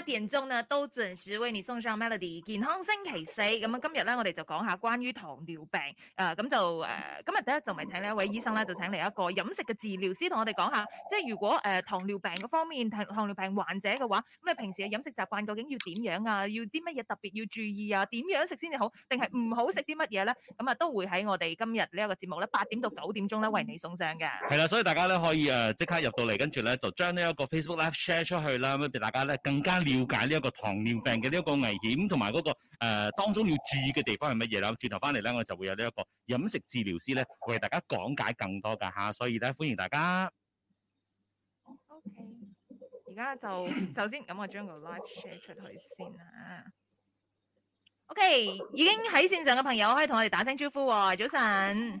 八點鐘都準時為你送上 melody 健康星期四。咁啊，今日咧我哋就講下關於糖尿病誒，咁、呃、就誒、呃、今日第一集咪請咧一位醫生咧，就請嚟一個飲食嘅治療師同我哋講下即係如果誒、呃、糖尿病嘅方面，糖尿病患者嘅話，咁你平時嘅飲食習慣究竟要點樣啊？要啲乜嘢特別要注意啊？點樣食先至好定係唔好食啲乜嘢咧？咁啊都會喺我哋今日呢一個節目咧，八點到九點鐘咧，為你送上嘅係啦。所以大家咧可以誒即刻入到嚟，跟住咧就將呢一個 Facebook Live share 出去啦，俾大家咧更加。瞭解呢一個糖尿病嘅呢一個危險，同埋嗰個誒當中要注意嘅地方係乜嘢啦？轉頭返嚟咧，我就會有呢一個飲食治療師咧，為大家講解更多㗎吓，所以咧歡迎大家。OK，而家就首先咁，我將個 Live Share 出去先啊。OK，已經喺線上嘅朋友可以同我哋打聲招呼喎，早晨。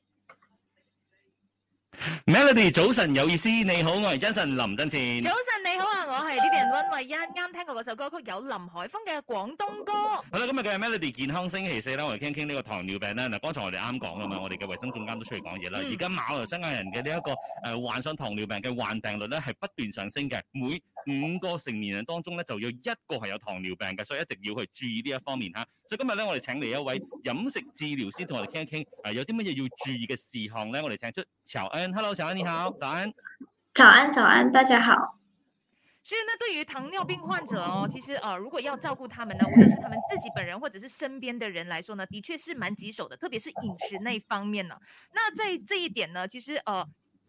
Melody，早晨有意思，你好，我係 Jason 林振前，早晨你好啊，我係呢邊溫慧欣，啱聽過嗰首歌曲，有林海峰嘅廣東歌。好啦，今日嘅 Melody 健康星期四啦，我哋傾一傾呢個糖尿病咧。嗱，剛才我哋啱講啦嘛，我哋嘅衛生總監都出嚟講嘢啦。而家馬來西亞人嘅呢一個誒患上糖尿病嘅患病率咧係不斷上升嘅，每五個成年人當中呢，就有一個係有糖尿病嘅，所以一定要去注意呢一方面吓。所以今日呢，我哋請嚟一位飲食治療師同我哋傾一傾，誒、呃，有啲乜嘢要注意嘅事項呢？我哋請出喬恩，Hello，喬恩你好，早安，早安，早安，大家好。所以呢，對於糖尿病患者哦，其實誒、呃，如果要照顧他們呢，無論是他們自己本人，或者是身邊的人來說呢，的確是蠻棘手的，特別是飲食那方面呢，那在這一點呢，其實誒。呃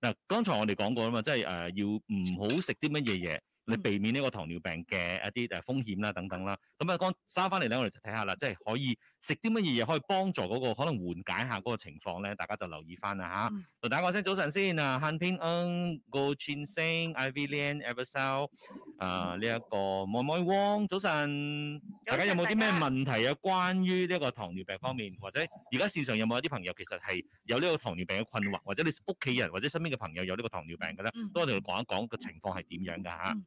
嗱，剛才我哋講過啦嘛，即係誒要唔好食啲乜嘢嘢。嗯、你避免呢個糖尿病嘅一啲誒風險啦，等等啦。咁啊，講收翻嚟咧，我哋就睇下啦，即係可以食啲乜嘢嘢可以幫助嗰、嗰個可能緩解下嗰個情況咧。大家就留意翻啦嚇，同大家講個聲早晨先，早晨先、嗯、啊，Hend Ping Go Ching Sing，Ivy Leon，Evercell，啊呢一個 Mo Mo Wong，早晨，大家有冇啲咩問題啊？關於呢個糖尿病方面，或者而家市場有冇啲朋友其實係有呢個糖尿病嘅困惑，或者你屋企人或者身邊嘅朋友有呢個糖尿病嘅咧、嗯，都我哋講一講個情況係點樣嘅嚇。嗯嗯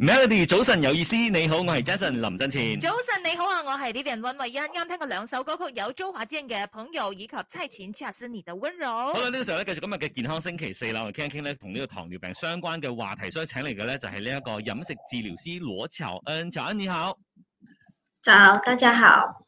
Melody，早晨有意思，你好，我係 Jason 林振前。早晨你好啊，我係 Vivian 溫慧欣，啱聽過兩首歌曲，有周華健嘅朋友以及《痴情恰是你的溫柔》好。好啦，呢個時候咧，繼續今日嘅健康星期四啦，我哋傾一傾咧同呢個糖尿病相關嘅話題，所以請嚟嘅咧就係呢一個飲食治療師羅巧恩，巧恩你好。早，大家好。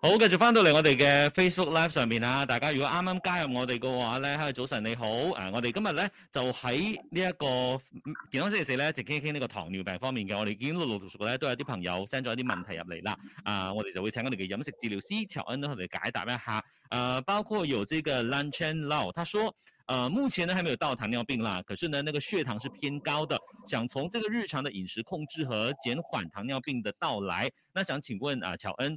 好，繼續翻到嚟我哋嘅 Facebook Live 上面。啊！大家如果啱啱加入我哋嘅話咧，哈，早晨你好！啊，我哋今日咧就喺呢一個健康星期四咧，就傾、這個、一傾呢個糖尿病方面嘅。我哋已經陸陸續續咧都有啲朋友 send 咗一啲問題入嚟啦。啊，我哋就會請我哋嘅飲食治療師喬恩同佢哋解答一下，啊，包括有這個 Lunch and Law，他說，啊，目前呢還沒有到糖尿病啦，可是呢，那個血糖是偏高的，想從這個日常的飲食控制和減緩糖尿病的到來。那想請問啊，喬恩。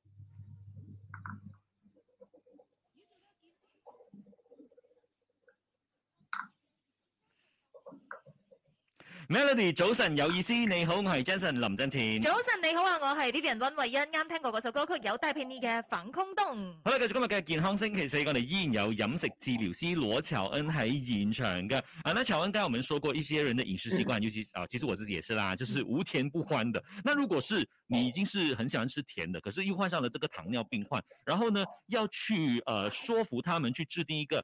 Melody，早晨有意思，你好，我係 Jason 林振前。早晨你好啊，我係 Vivian 溫慧欣，啱聽過嗰首歌曲《有大片你嘅防空洞》。好啦，繼續今日嘅健康星期四，我哋依然有飲食治療師羅巧恩喺現場嘅。啊，那巧恩，剛才我們說過，一些人的飲食習慣，尤其啊，其實我自己也是啦，就是無甜不歡的。那如果是你已經是很喜歡吃甜的，可是又患上了這個糖尿病患，然後呢，要去誒、呃、說服他們去制定一個。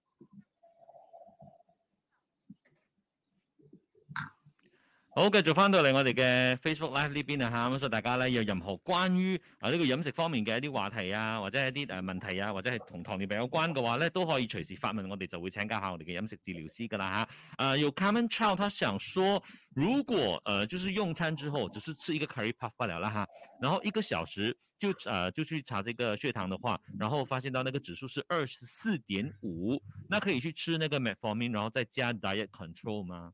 好，繼續翻到嚟我哋嘅 Facebook 咧呢邊啊吓，咁所以大家咧有任何關於啊呢、呃這個飲食方面嘅一啲話題啊，或者一啲誒問題啊，或者係同糖尿病有關嘅話咧，都可以隨時發問，我哋就會請教下我哋嘅飲食治療師噶啦吓。誒、啊，有 c o m m o n Child 他想說，如果誒、呃、就是用餐之後，只是吃一個 carry puff 罷了啦吓，然後一個小時就誒、呃、就去查這個血糖的話，然後發現到那個指數是二十四點五，那可以去吃那個 metformin，然後再加 diet control 嗎？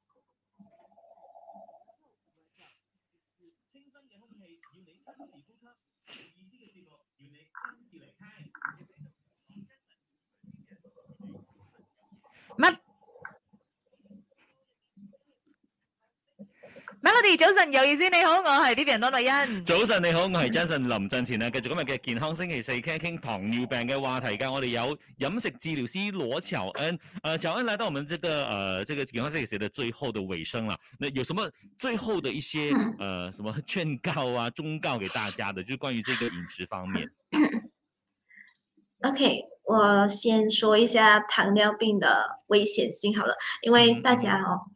Melody，早晨有意思，你好，我係呢邊羅麗欣。早晨你好，我係 Jason 林振前呢，繼續今日嘅健康星期四，傾一傾糖尿病嘅話題噶。我哋有飲食治療師羅巧恩，誒、呃，巧恩來到我們這個誒、呃，這個健康星期四的最後的尾聲啦。那有什麼最後的一些誒、呃，什麼勸告啊、忠告給大家的，就關於這個飲食方面 OK，我先說一下糖尿病的危險性好了，因為大家哦。嗯嗯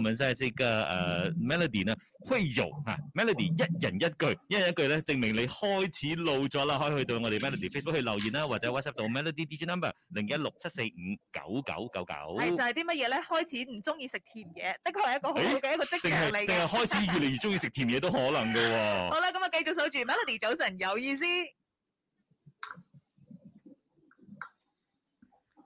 唔係即係 melody 呢，歡迎啊，啊 melody 一人一句，一人一句咧，證明你開始老咗啦，可以去到我哋 melody Facebook 去留言啦，或者 WhatsApp 到 melody DJ number 零一六七四五九九九九，係就係啲乜嘢咧？開始唔中意食甜嘢，的確係一個好好嘅一個跡象嚟嘅。定、欸、係開始越嚟越中意食甜嘢都可能嘅喎、哦。 好啦，咁啊繼續守住 melody 早晨有意思。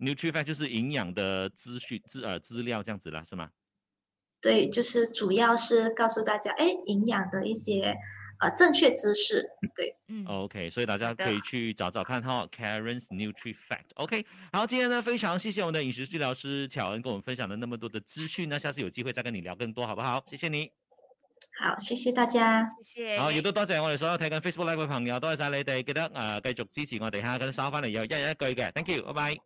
NutriFact 就是營養的資訊資呃資料這樣子啦，是嗎？對，就是主要是告訴大家，哎，營養的一些啊、呃、正確知識。對，嗯，OK，所以大家可以去找找看哈，Karen's NutriFact、okay。OK，好，今天呢非常謝謝我們的飲食治療師巧恩跟我們分享了那麼多的資訊呢，那下次有機會再跟你聊更多，好不好？謝謝你。好，謝謝大家，謝謝。好，有多多謝我哋所有睇緊 Facebook Live 嘅朋友，多謝晒你哋，記得啊、呃、繼續支持我哋，下個周翻嚟又一人一句嘅，Thank you，拜拜。